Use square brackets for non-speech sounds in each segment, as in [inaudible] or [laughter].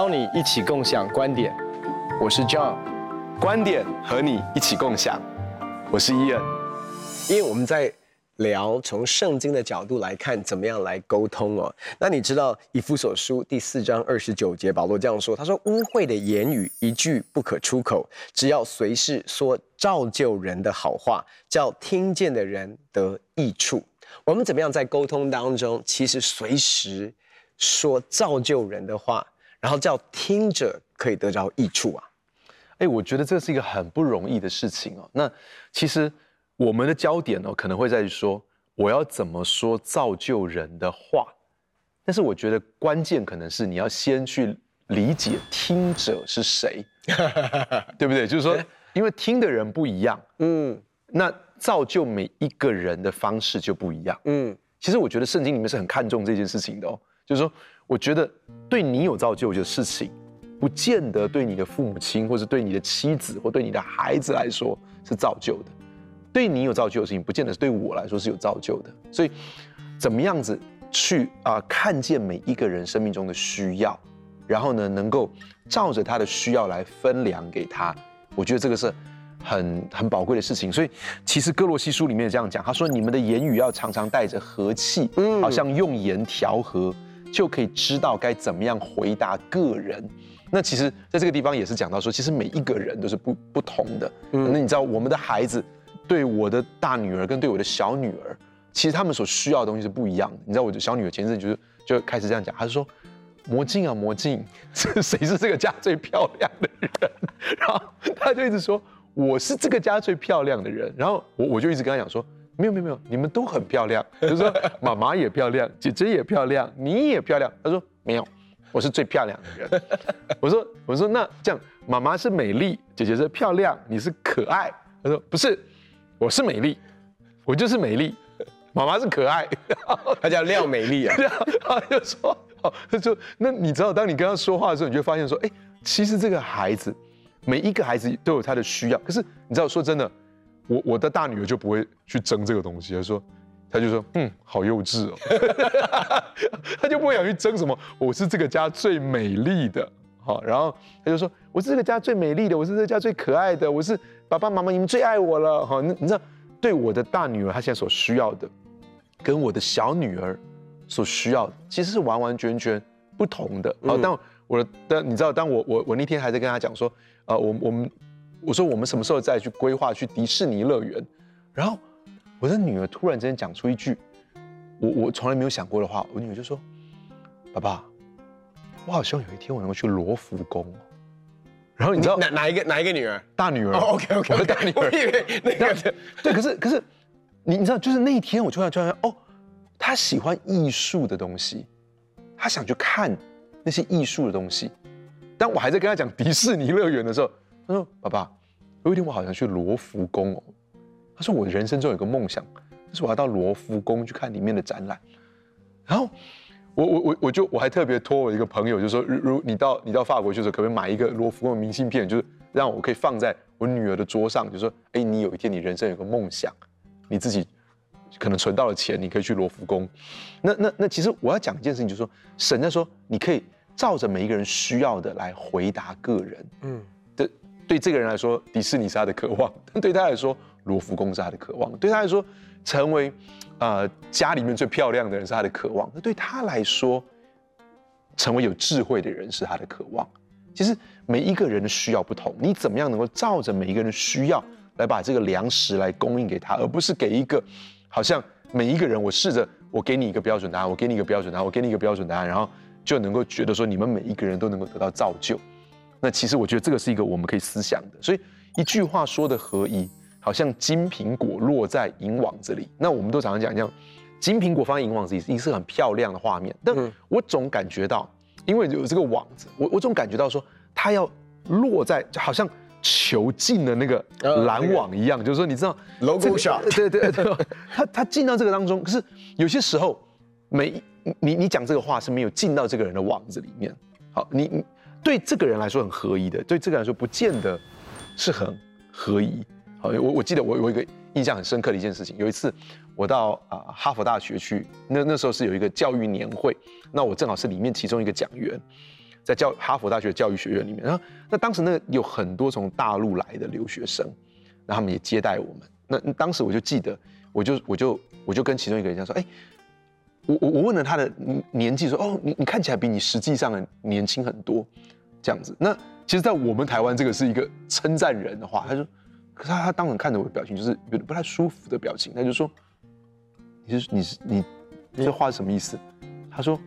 邀你一起共享觀點，我是 John，觀點和你一起共享，我是伊恩。因為我們在聊從聖經的角度來看，怎麼樣來溝通哦？那你知道以弗所書第四章二十九節，保羅這樣說，他說：“污穢、嗯、的言語一句不可出口，只要隨時說造就人的好話，叫聽見的人得益處。”我們怎麼樣在溝通當中，其實隨時說造就人的話？然後叫聽者可以得着益處啊，哎、欸，我覺得這是一個很不容易的事情哦。那其實我們的焦點哦，可能會在於說我要怎麼說造就人的話，但是我覺得關鍵可能是你要先去理解聽者是誰， [laughs] 對不對？就是說，因為聽的人不一樣，嗯，那造就每一個人的方式就不一樣，嗯。其實我覺得聖經裡面是很看重這件事情的哦，就是說。我覺得對你有造就的事情，不見得對你的父母親，或是對你的妻子，或對你的孩子來說是造就的。對你有造就的事情，不見得對我來說是有造就的。所以，怎麼樣子去啊、呃，看見每一個人生命中的需要，然後呢，能夠照着他的需要來分糧給他，我覺得這個是很很寶貴的事情。所以，其實歌羅西書裡面也這樣講，他說：“你們的言語要常常帶着和氣，嗯、好像用鹽調和。”就可以知道該怎麼樣回答個人。那其實，在這個地方也是講到說，其實每一個人都是不不同的。那、嗯、你知道，我們的孩子對我的大女兒跟對我的小女兒，其實他們所需要的東西是不一樣的。你知道，我的小女兒前陣就是就開始這樣講，她說：“魔鏡啊，魔鏡，這誰是這個家最漂亮的人？”然後她就一直說：“我是這個家最漂亮的人。”然後我我就一直跟她講說。沒有沒有沒有，你們都很漂亮。就是說媽媽也漂亮，姐姐也漂亮，你也漂亮。他說沒有，我是最漂亮的人。我說我說那這樣，媽媽是美麗，姐姐是漂亮，你是可愛。他說不是，我是美麗，我就是美麗。媽媽是可愛，他叫廖美麗啊。他就說他就說，那你知道，當你跟他說話的時候，你就發現說哎，其實這個孩子每一個孩子都有他的需要。可是你知道說真的。我我的大女兒就不會去爭這個東西，她說，她就說，嗯，好幼稚哦， [laughs] 她就不會想去爭什麼，我是這個家最美麗的，好，然後她就說，我是這個家最美麗的，我是這個家最可愛的，我是爸爸媽媽你們最愛我了，好你，你知道，對我的大女兒，她現在所需要的，跟我的小女兒所需要的，其實是完完全全不同的。好、嗯，當我的，但你知道，當我我，我那天還在跟她講說，呃，我我們。我說我們什麼時候再去規劃去迪士尼樂園？然後我的女兒突然之間講出一句我我從來沒有想過的話，我女兒就說：“爸爸，我好希望有一天我能夠去羅浮宮。”然後你知道你哪哪一個哪一個女兒？大女兒。哦，OK，OK，okay, okay 我大女兒。對，對可是可是你你知道就是那一天我就，我突然突然哦，她喜歡藝術的東西，她想去看那些藝術的東西。當我還在跟她講迪士尼樂園的時候。 [laughs] 他說：“爸爸，有一天我好想去羅浮宮哦。”他說：“我人生中有一個夢想，就是我要到羅浮宮去看裡面的展覽。”然後我我我我就我還特別托我一個朋友，就是說：“如如你到你到法國去的時候，可不可以買一個羅浮宮的明信片？就是讓我可以放在我女兒的桌上，就是說：‘哎、欸，你有一天你人生有一個夢想，你自己可能存到了錢，你可以去羅浮宮。’那那那其實我要講一件事情，就是說神在說，你可以照着每一個人需要的來回答個人。”嗯。對這個人來說，迪士尼是他的渴望；對他來說，羅浮宮是他的渴望；對他來說，成為呃家裡面最漂亮的人是他的渴望；那對他來說，成為有智慧的人是他的渴望。其實每一個人的需要不同，你怎麼樣能夠照着每一個人的需要來把這個糧食來供應給他，而不是給一個好像每一個人我試着我給你一個標準答案，我給你一個標準答案，我給你一個標準答案，然後就能夠覺得說你們每一個人都能夠得到造就。那其實我覺得這個是一個我們可以思想的，所以一句話說得合一，好像金蘋果落在銀網子裡。那我們都常常講，像金蘋果放在銀網子裡，一定是很漂亮的畫面。但我總感覺到，因為有這個網子，我我總感覺到說，它要落在就好像球進了那個籃網一樣，就是說，你知道，Logo shot，對對對，它它進到這個當中。可是有些時候，沒你你講這個話是沒有進到這個人的網子裡面。好，你你。對這個人來說很合宜的，對這個人來說不見得是很合宜。好，我我記得我有一個印象很深刻的一件事情。有一次我到啊、呃、哈佛大學去，那那時候是有一個教育年會，那我正好是裡面其中一個講員，在教哈佛大學教育學院裡面。然後那當時那有很多從大陸來的留學生，那他們也接待我們那。那當時我就記得，我就我就我就跟其中一個人講說，哎。我我我問了他的年紀說，說哦，你你看起來比你實際上的年輕很多，這樣子。那其實，在我們台灣，這個是一個稱讚人的話。他說，可是他他當時看着我的表情，就是有點不太舒服的表情。他就說，你是你，你是你，這話是什麼意思？你他說，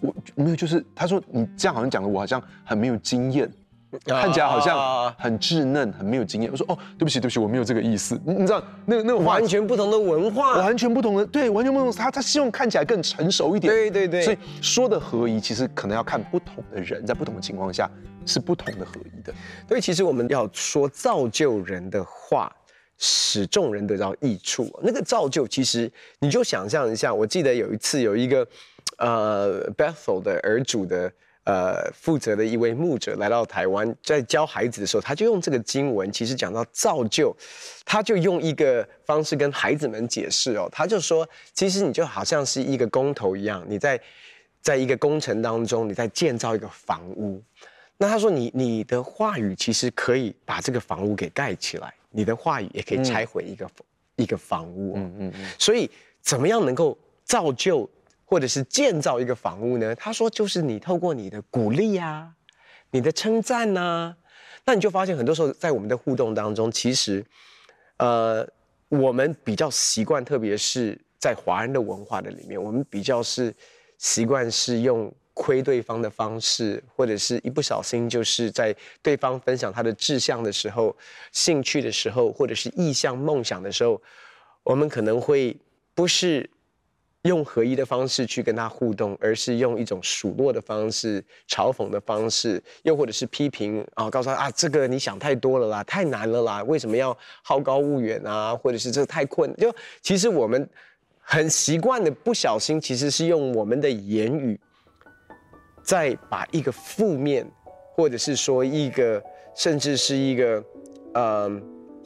我沒有，就是他說你這樣好像講的，我好像很沒有經驗。看起來好像很稚嫩，uh、很沒有經驗。我說哦，對不起，對不起，我沒有這個意思。你知道，那個那個完全，完全不同的文化，完全不同的對，完全不同的他他希望看起來更成熟一點。對對對，所以說的合宜其實可能要看不同的人，在不同的情況下是不同的合宜的。所以其實我們要說造就人的話，使眾人得到益處。那個造就其實你就想象一下，我記得有一次有一個呃，Bethel 的兒主的。呃，負責的一位牧者來到台灣，在教孩子的時候，他就用這個經文，其實講到造就，他就用一個方式跟孩子們解釋哦、喔，他就說，其實你就好像是一個工頭一樣，你在，在一個工程當中，你在建造一個房屋，那他說你你的話語其實可以把這個房屋給蓋起來，你的話語也可以拆毀一個、嗯、一個房屋、喔，嗯嗯嗯，所以怎麼樣能夠造就？或者是建造一個房屋呢？他說，就是你透過你的鼓勵啊，你的稱讚啊。那你就發現很多時候在我們的互動當中，其實，呃，我們比較習慣，特別是在華人的文化的裡面，我們比較是習慣是用虧對方的方式，或者是一不小心就是在對方分享他的志向的時候、興趣的時候，或者是異象夢想的時候，我們可能會不是。用合一的方式去跟他互動，而是用一種數落的方式、嘲諷的方式，又或者是批評啊，告訴他啊，這個你想太多了啦，太難了啦，為什麼要好高騖遠啊？或者是這個太困？就其實我們很習慣的，不小心其實是用我們的言語，在把一個負面，或者是說一個，甚至是一個，嗯、呃，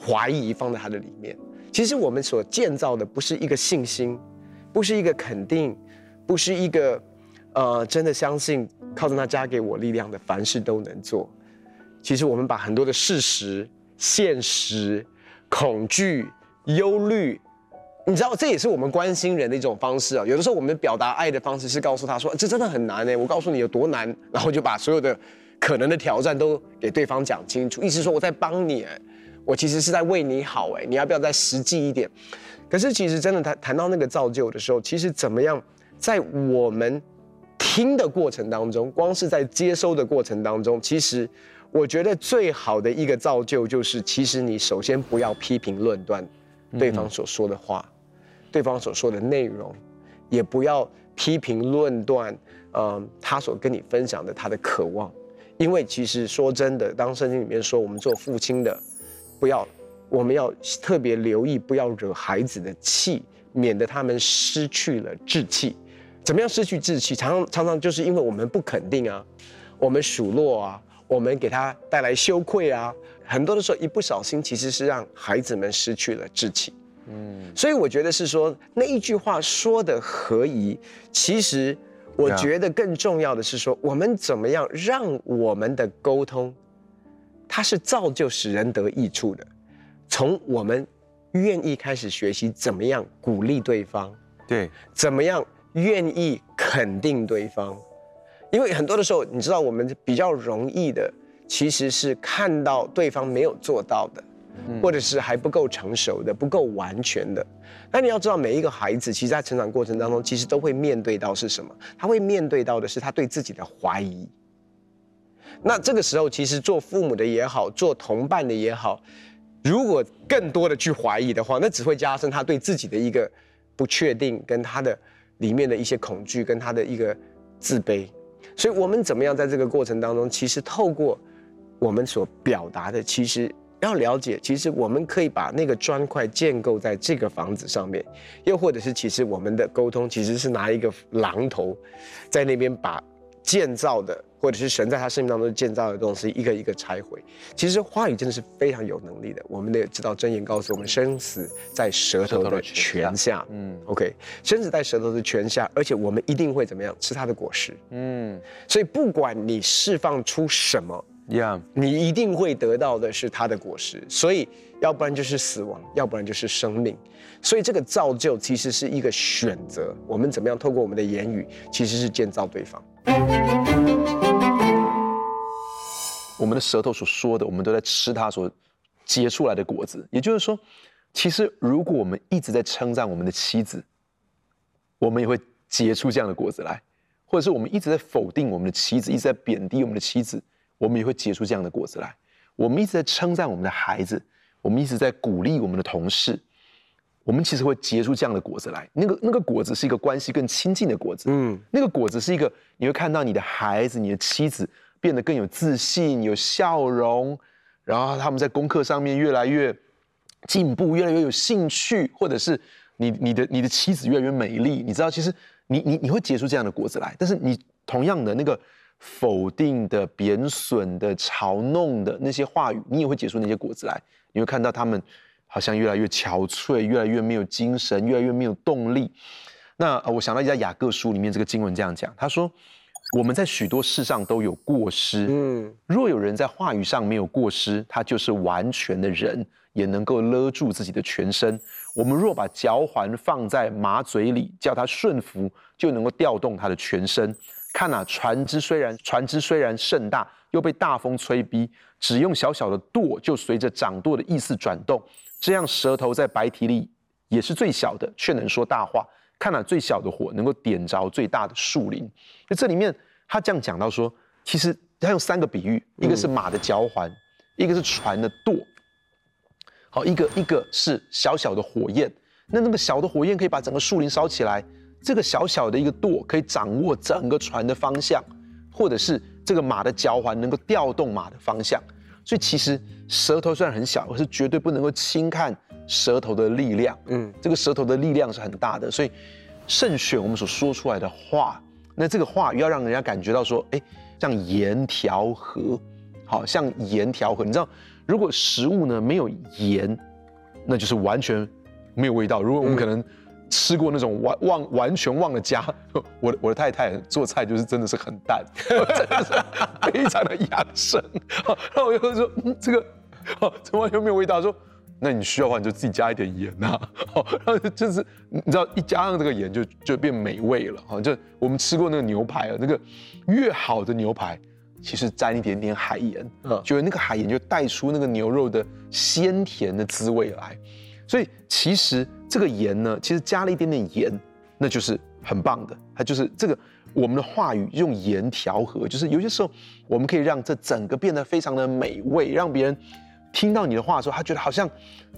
懷疑放在他的裡面。其實我們所建造的不是一個信心。不是一個肯定，不是一個，呃，真的相信靠着他加給我力量的，凡事都能做。其實我們把很多的事實、現實、恐懼、憂慮，你知道，這也是我們關心人的一種方式啊、哦。有的時候我們表達愛的方式是告訴他說：“這真的很難呢，我告訴你有多難。”然後就把所有的可能的挑戰都給對方講清楚，意思是說我在幫你。我其實是在為你好哎，你要不要再實際一點？可是其實真的談談到那個造就的時候，其實怎麼樣在我們聽的過程當中，光是在接收的過程當中，其實我覺得最好的一個造就就是，其實你首先不要批評論斷對方所說的話，嗯嗯，對方所說的內容，也不要批評論斷，嗯、呃，他所跟你分享的他的渴望，因為其實說真的，當聖經裡面說我們做父親的，不要，我們要特別留意，不要惹孩子的氣，免得他們失去了志氣。怎麼樣失去志氣？常常，常常就是因為我們不肯定啊，我們數落啊，我們給他帶來羞愧啊，很多的時候一不小心，其實是讓孩子們失去了志氣。嗯，所以我覺得是說那一句話說的合宜，其實我覺得更重要的是說，啊、我們怎麼樣讓我們的溝通。它是造就使人得益處的，從我們願意開始學習怎麼樣鼓勵對方，對，怎麼樣願意肯定對方，因為很多的時候，你知道我們比較容易的其實是看到對方沒有做到的，或者是還不夠成熟的、不夠完全的。那你要知道，每一個孩子其實，在成長過程當中，其實都會面對到是什麼？他會面對到的是他對自己的懷疑。那這個時候，其實做父母的也好，做同伴的也好，如果更多的去懷疑的話，那只會加深他對自己的一個不確定，跟他的裡面的一些恐懼，跟他的一個自卑。所以，我們怎麼樣在這個過程當中，其實透過我們所表達的，其實要了解，其實我們可以把那個磚塊建構在這個房子上面，又或者是其實我們的溝通，其實是拿一個榔頭，在那邊把建造的。或者是神在他生命當中建造的東西，一個一個拆毀。其實話語真的是非常有能力的。我們得知道箴言告訴我們，生死在舌頭的權下。啊、嗯，OK，生死在舌頭的權下，而且我們一定會怎麼樣吃它的果實。嗯，所以不管你釋放出什麼，Yeah. 你一定會得到的是它的果實。所以要不然就是死亡，要不然就是生命。所以這個造就其實是一個選擇，我們怎麼樣透過我們的言語，其實是建造對方。嗯我們的舌頭所說的，我們都在吃它所結出來的果子。也就是說，其實如果我們一直在稱讚我們的妻子，我們也會結出這樣的果子來；或者是我們一直在否定我們的妻子，一直在貶低我們的妻子，我們也會結出這樣的果子來。我們一直在稱讚我們的孩子，我們一直在鼓勵我們的同事，我們其實會結出這樣的果子來。那個那個果子是一個關係更親近的果子，嗯，那個果子是一個你會看到你的孩子、你的妻子，變得更有自信、有笑容，然後他們在功課上面越來越進步，越來越有興趣，或者是你、你的、你的妻子越來越美麗，你知道，其實你、你、你會結出這樣的果子來。但是你同樣的那個否定的、貶損的、嘲弄的那些話語，你也會結出那些果子來。你會看到他們好像越來越憔悴，越來越沒有精神，越來越沒有動力。那我想到在雅各書裡面這個經文這樣講，他說，我們在許多事上都有過失。嗯，若有人在話語上沒有過失，他就是完全的人，也能夠勒住自己的全身。我們若把嚼環放在馬嘴裡，叫它順服，就能夠調動它的全身。看哪，船隻雖然船隻雖然甚大，又被大風催逼，只用小小的舵，就隨着掌舵的意思轉動。這樣，舌頭在百體裡也是最小的，卻能說大話。看了最小的火能夠點着最大的樹林，那這裡面他這樣講到說，其實他用三個比喻，一個是馬的嚼環，嗯、一個是船的舵，好一個一個是小小的火焰，那那麼小的火焰可以把整個樹林燒起來，這個小小的一個舵可以掌握整個船的方向，或者是這個馬的嚼環能夠調動馬的方向，所以其實舌頭雖然很小，可是絕對不能夠輕看。舌頭的力量，嗯，這個舌頭的力量是很大的，所以慎選我們所說出來的話。那這個話要讓人家感覺到說，哎，像鹽調和，好像鹽調和。你知道，如果食物呢沒有鹽，那就是完全沒有味道。如果我們可能吃過那種完忘完全忘了加，我我的太太做菜就是真的是很淡， [laughs] 真的是非常的養生。然那我就說，嗯，這個，哦，這完全沒有味道，說。那你需要的話，你就自己加一點鹽吶、啊，然後就是你知道一加上這個鹽就就變美味了哈，就我們吃過那個牛排啊，那個越好的牛排其實沾一點點海鹽，嗯，就是那個海鹽就帶出那個牛肉的鮮甜的滋味來，所以其實這個鹽呢，其實加了一點點鹽，那就是很棒的，它就是這個我們的話語用鹽調和，就是有些時候我們可以讓這整個變得非常的美味，讓別人。聽到你的話的時候，他覺得好像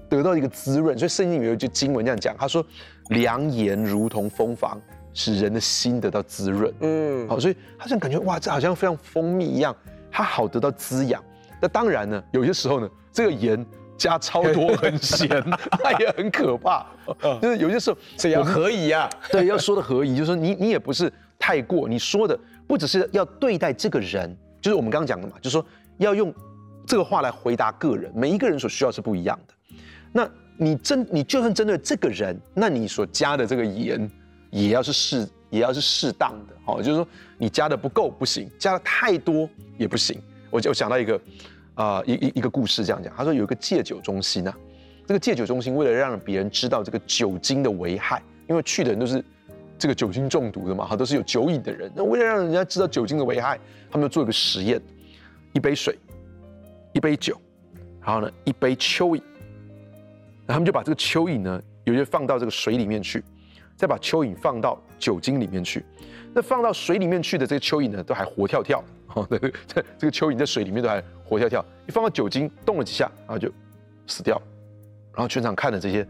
得到一個滋潤，所以聖經裡面有一句經文這樣講，他說：“良言如同蜂房，使人的心得到滋潤。”嗯，好，所以他好像感覺哇，這好像非常蜂蜜一樣，他好得到滋養。那當然呢，有些時候呢，這個鹽加超多很鹹， [laughs] 它也很可怕。 [laughs] 就是有些時候這樣合宜呀？是啊、 [laughs] 對，要說的合宜，就是你你也不是太過，你說的不只是要對待這個人，就是我們剛剛講的嘛，就是說要用。這個話來回答個人，每一個人所需要是不一樣的。那你針你就算針對這個人，那你所加的這個鹽，也要是適也要是適當的哦，就是說，你加的不夠不行，加的太多也不行。我就想到一個啊一一一個故事，這樣講。他說有一個戒酒中心吶，啊，這個戒酒中心為了讓別人知道這個酒精的危害，因為去的人都是這個酒精中毒的嘛，哈，都是有酒癮的人。那為了讓人家知道酒精的危害，他們就做一個實驗，一杯水。一杯酒，然後呢，一杯蚯蚓。他們就把這個蚯蚓呢，有些放到這個水裡面去，再把蚯蚓放到酒精裡面去。那放到水裡面去的這個蚯蚓呢，都還活跳跳。哦，這個這這個蚯蚓在水裡面都還活跳跳。一放到酒精，動了幾下，然後就死掉。然後全場看的這些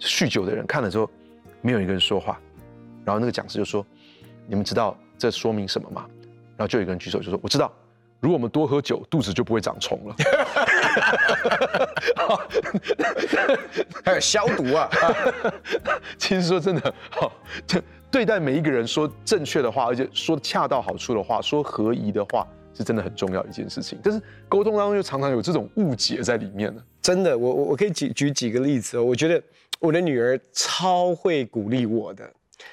酗酒的人，看了之後，沒有一個人說話。然後那個講師就說：“你們知道這說明什麼嗎？”然後就有一個人舉手就說：“我知道。”如果我們多喝酒，肚子就不會長蟲了。 [laughs] [laughs] 還有消毒啊！ [laughs] 其實說真的，好，對對待每一個人說正確的話，而且說恰到好處的話，說合宜的話，是真的很重要一件事情。但是溝通當中就常常有這種誤解在裡面呢。真的，我我我可以舉舉幾個例子哦。我覺得我的女兒超會鼓勵我的，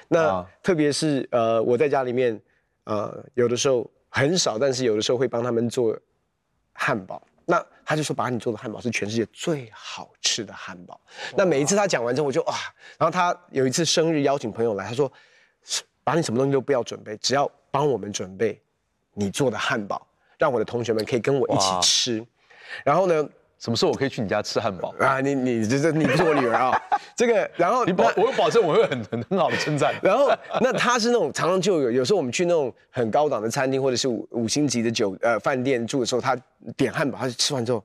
那、啊、特別是呃，我在家裡面、呃、有的時候，很少，但是有的時候會幫他們做漢堡。那他就說，把你做的漢堡是全世界最好吃的漢堡。哇那每一次他講完之後，我就啊。然後他有一次生日邀請朋友來，他說，把你什麼東西都不要準備，只要幫我們準備你做的漢堡，讓我的同學們可以跟我一起吃。哇然後呢？什麼時候我可以去你家吃漢堡啊？你你這這你不是我女兒啊？ [laughs] 這個然後你保，那我保證我會很很很好的稱讚。 [laughs] 然後那他是那種常常就有有時候我們去那種很高檔的餐廳或者是五五星級的酒呃飯店住的時候，他點漢堡，他就吃完之後，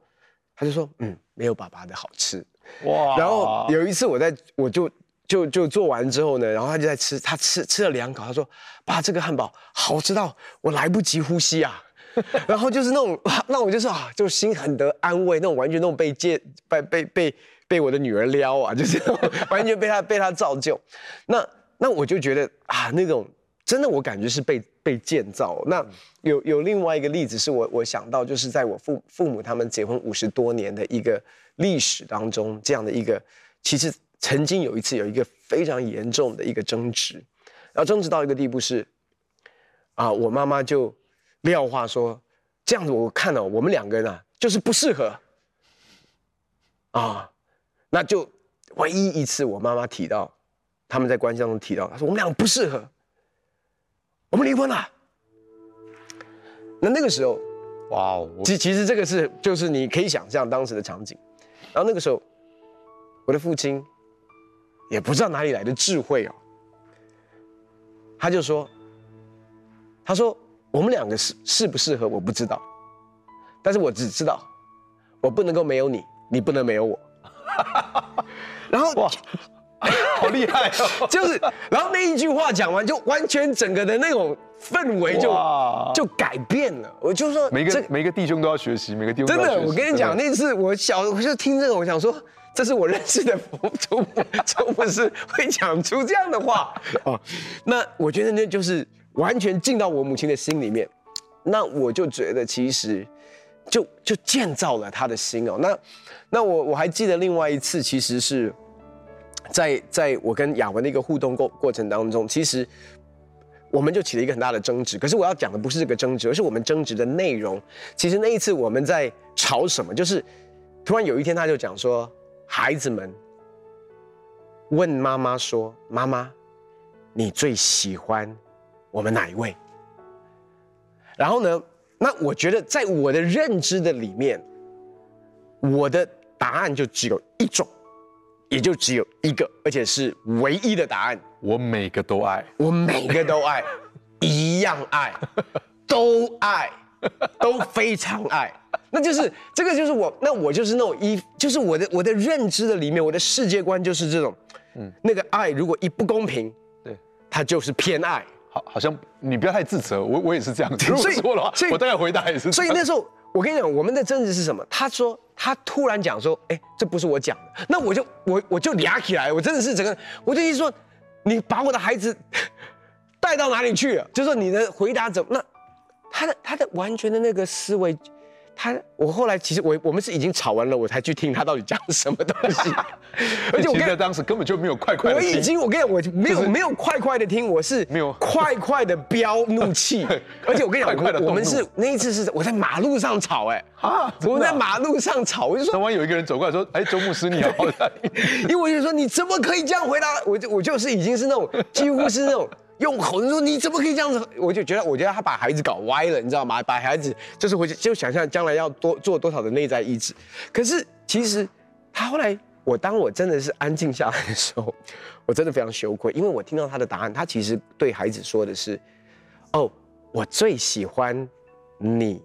他就說嗯沒有爸爸的好吃哇。然後有一次我在我就我就就，就做完之後呢，然後他就在吃，他吃吃了兩口，他說爸這個漢堡好吃到我來不及呼吸啊。 [laughs] 然後就是那種，那我就是啊，就心很得安慰那種，完全那種被建被被被被我的女兒撩啊，就是完全被她被她造就。那那我就覺得啊，那種真的我感覺是被被建造。那有有另外一個例子是我我想到，就是在我父父母他們結婚五十多年的一個歷史當中，這樣的一個其實曾經有一次有一個非常嚴重的一個爭執，然後爭執到一個地步是啊，我媽媽就。撂話說，這樣子我、哦，我看了我們兩個人啊，就是不適合啊、哦，那就唯一一次我媽媽提到，他們在關係當中提到，她說我們兩個不適合，我們離婚了。那那個時候，哇哦、wow, 我，其其實這個是就是你可以想象當時的場景，然後那個時候，我的父親也不知道哪裡來的智慧哦，他就說，他說。我們兩個適適不適合我不知道，但是我只知道，我不能夠沒有你，你不能沒有我。 [laughs] 然後哇，好厲害、哦！ [laughs] 就是，然後那一句話講完，就完全整個的那種氛圍就哇就改變了。我就說，每個、這個、每個弟兄都要學習，每個弟兄都要學習。真的，我跟你講，的那次我小時就聽這個，我想說，這是我認識的佛祖，佛祖是會講出這樣的話啊？哦、 [laughs] 那我覺得那就是。完全進到我母親的心裡面，那我就覺得其實就就建造了他的心哦。那那我我還記得另外一次，其實是在在我跟雅文的一個互動過過程當中，其實我們就起了一個很大的爭執。可是我要講的不是這個爭執，而是我們爭執的內容。其實那一次我們在吵什麼，就是突然有一天他就講說：“孩子們問媽媽說，媽媽，你最喜歡？”我們哪一位？然後呢？那我覺得，在我的認知的裡面，我的答案就只有一種，也就只有一個，而且是唯一的答案。我每個都愛，我每個都愛， [laughs] 一樣愛，都愛，都非常愛。那就是這個，就是我，那我就是那種一，就是我的我的認知的裡面，我的世界觀就是這種。嗯，那個愛如果一不公平，對，它就是偏愛。好，好像你不要太自責，我我也是這樣子，以如果說的話，以我大概回答也是這樣。所以那時候，我跟你講，我們的爭執是什麼？他說，他突然講說，哎、欸，這不是我講的，那我就我我就倆起來，我真的是整個，我就一說，你把我的孩子帶到哪裡去了？就是、說你的回答怎麼？那他的他的完全的那個思維。他，我後來其實我我們是已經吵完了，我才去聽他到底講什麼東西，啊、而且我跟你講當時根本就沒有快快的聽。我已經，我跟你講，我沒有、就是、我沒有快快的聽，我是沒有快快的飆怒氣。有而且我跟你講，快快的我，我們是那一次是我在馬路上吵，欸，哎啊，我們在馬路上吵，我就說，突然有一個人走過來說，哎，周牧師你好， [laughs] 因為我就說你怎麼可以這樣回答？我就我就是已經是那種幾乎是那種。用吼，你說你怎麼可以這樣子？我就覺得，我覺得他把孩子搞歪了，你知道嗎？把孩子就是回去就想象將來要多做多少的內在意志。可是其實他後來，我當我真的是安靜下來的時候，我真的非常羞愧，因為我聽到他的答案，他其實對孩子說的是：“哦，我最喜歡你。”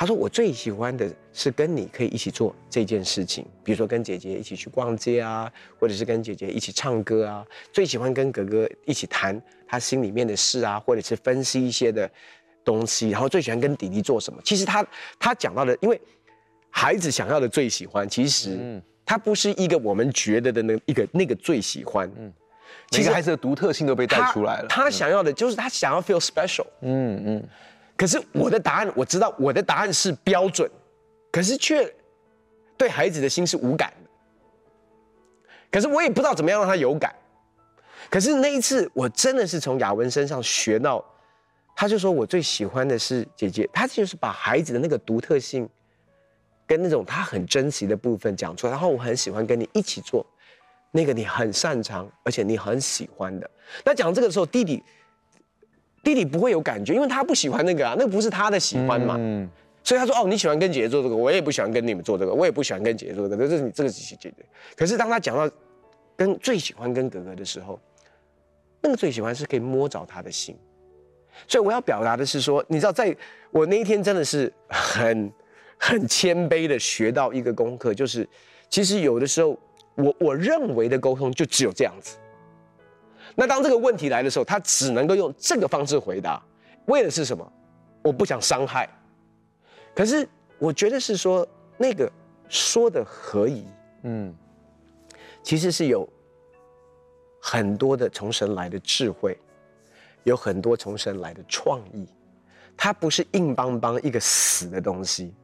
他說：“我最喜歡的是跟你可以一起做這件事情，比如說跟姐姐一起去逛街啊，或者是跟姐姐一起唱歌啊。最喜歡跟哥哥一起談他心裡面的事啊，或者是分析一些的東西。然後最喜歡跟弟弟做什麼？其實他他講到的，因為孩子想要的最喜歡，其實他不是一個我們覺得的那一個、那個、那個最喜歡。嗯，其實孩子的獨特性都被帶出來了他。他想要的、嗯、就是他想要 feel special。嗯嗯。嗯”可是我的答案我知道，我的答案是標準，可是卻對孩子的心是無感的。可是我也不知道怎麼樣讓他有感。可是那一次，我真的是從雅文身上學到，他就說，我最喜歡的是姐姐，他就是把孩子的那個獨特性，跟那種他很珍惜的部分講出來，然後我很喜歡跟你一起做那個你很擅長而且你很喜歡的。那講這個的時候，弟弟。弟弟不會有感覺因為他不喜歡那個啊，那個不是他的喜歡嘛，嗯，所以他說：“哦，你喜歡跟姐姐做這個，我也不喜歡跟你們做這個，我也不喜歡跟姐姐做這個，就”這是你這個是姐姐。可是當他講到跟最喜歡跟哥哥的時候，那個最喜歡是可以摸着他的心。所以我要表達的是說，你知道，在我那一天真的是很很謙卑的學到一個功課，就是其實有的時候我我認為的溝通就只有這樣子。那當這個問題來的時候，他只能夠用這個方式回答，為的是什麼？我不想傷害。可是我覺得是說那個說得合宜，嗯，其實是有很多的從神來的智慧，有很多從神來的創意，它不是硬邦邦一個死的東西，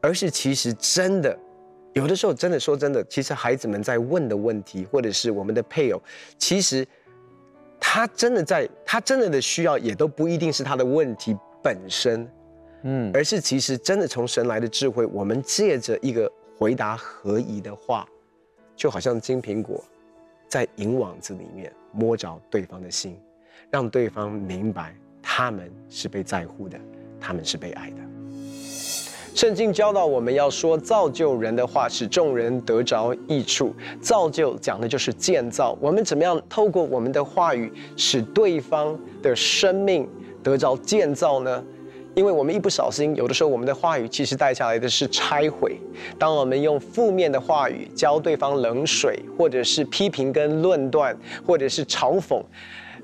而是其實真的有的時候真的說真的，其實孩子們在問的問題，或者是我們的配偶，其實。他真的在，他真的的需要也都不一定是他的問題本身，嗯，而是其實真的從神來的智慧，我們借着一個回答合宜的話，就好像金蘋果，在銀網子裡面摸着對方的心，讓對方明白他們是被在乎的，他們是被愛的。聖經教導我們要說造就人的話，使眾人得着益處。造就講的就是建造。我們怎麼樣透過我們的話語，使對方的生命得着建造呢？因為我們一不小心，有的時候我們的話語其實帶下來的是拆毀。當我們用負面的話語澆對方冷水，或者是批評跟論斷，或者是嘲諷。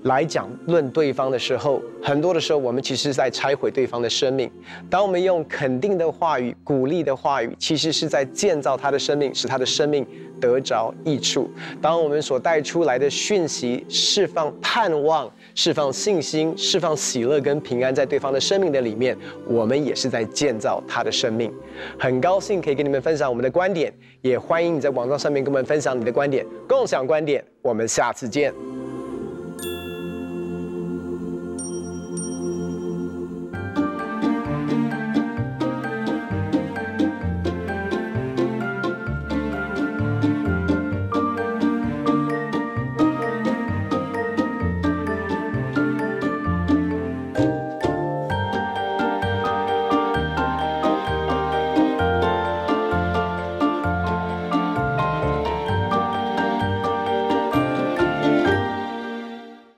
來講論對方的時候，很多的時候我們其實是在拆毀對方的生命；當我們用肯定的話語、鼓勵的話語，其實是在建造他的生命，使他的生命得着益處。當我們所帶出來的訊息，釋放盼望、釋放信心、釋放喜樂跟平安，在對方的生命的裡面，我們也是在建造他的生命。很高興可以跟你們分享我們的觀點，也歡迎你在網站上面跟我們分享你的觀點，共享觀點。我們下次見。